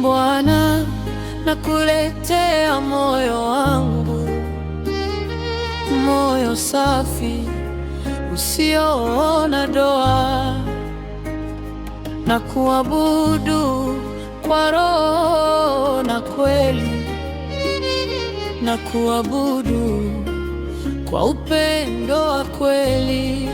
Bwana, nakuletea moyo wangu, moyo safi usioona doa, na kuabudu kwa roho na kweli na kuabudu kwa upendo wa kweli.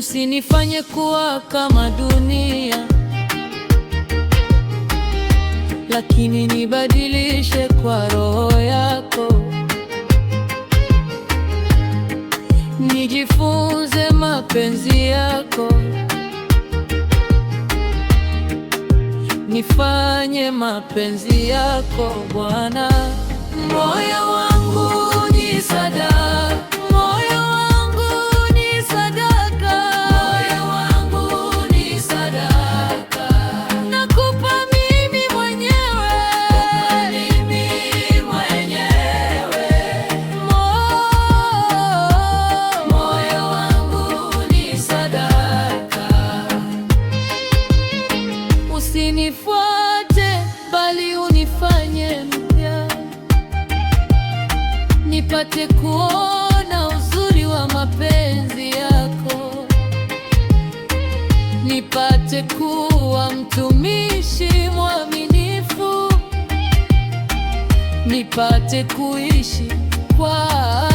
usinifanye kuwa kama dunia, lakini nibadilishe kwa roho yako, nijifunze mapenzi yako, nifanye mapenzi yako Bwana, moyo wangu ni sadaka nifanye mpya, nipate kuona uzuri wa mapenzi yako, nipate kuwa mtumishi mwaminifu, nipate kuishi kwa